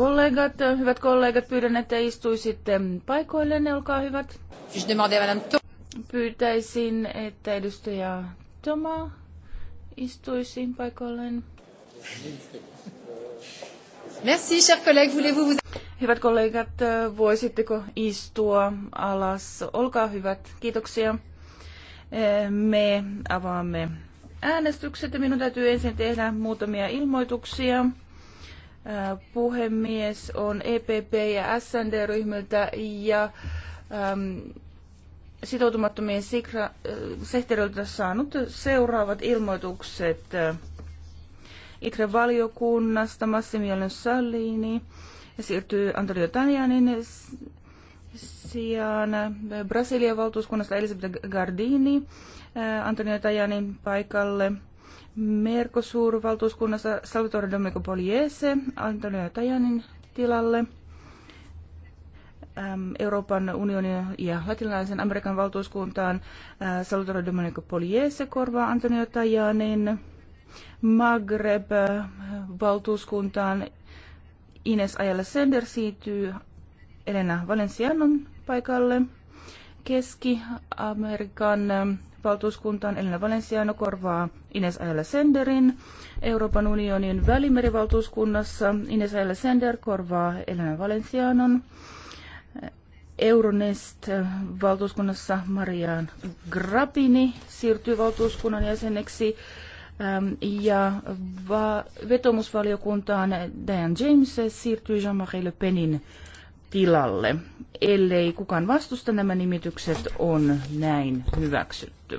Kollegat, hyvät kollegat, pyydän, että istuisitte paikoillenne, olkaa hyvät. Pyytäisin, että edustaja Toma istuisi paikoilleen. Merci, chers collègues, voulez-vous vous... Hyvät kollegat, voisitteko istua alas? Olkaa hyvät, kiitoksia. Me avaamme äänestykset ja minun täytyy ensin tehdä muutamia ilmoituksia puhemies on EPP ja SND-ryhmiltä ja äm, sitoutumattomien sikra, äh, sehteriltä saanut seuraavat ilmoitukset. ITRE-valiokunnasta Massimiliano Sallini siirtyy Antonio Tanianin sijaan Brasilian valtuuskunnasta Elisabeth Gardini Antonio Tajanin paikalle – Mercosur-valtuuskunnassa Salvatore Domenico Poliese Antonio Tajanin tilalle. Euroopan unionin ja latinalaisen Amerikan valtuuskuntaan Salvatore Domenico Poliese korvaa Antonio Tajanin. Maghreb-valtuuskuntaan Ines Ayala Sender siirtyy Elena Valencianon paikalle. Keski-Amerikan ähm, valtuuskuntaan Elena Valenciano korvaa Ines Ayala Senderin. Euroopan unionin välimerivaltuuskunnassa Ines Ayala Sender korvaa Elena Valencianon. Euronest-valtuuskunnassa äh, Marian Grappini siirtyy valtuuskunnan jäseneksi ähm, ja va- vetomusvaliokuntaan Dan James siirtyy Jean-Marie Le Penin tilalle. Ellei kukaan vastusta, nämä nimitykset on näin hyväksytty.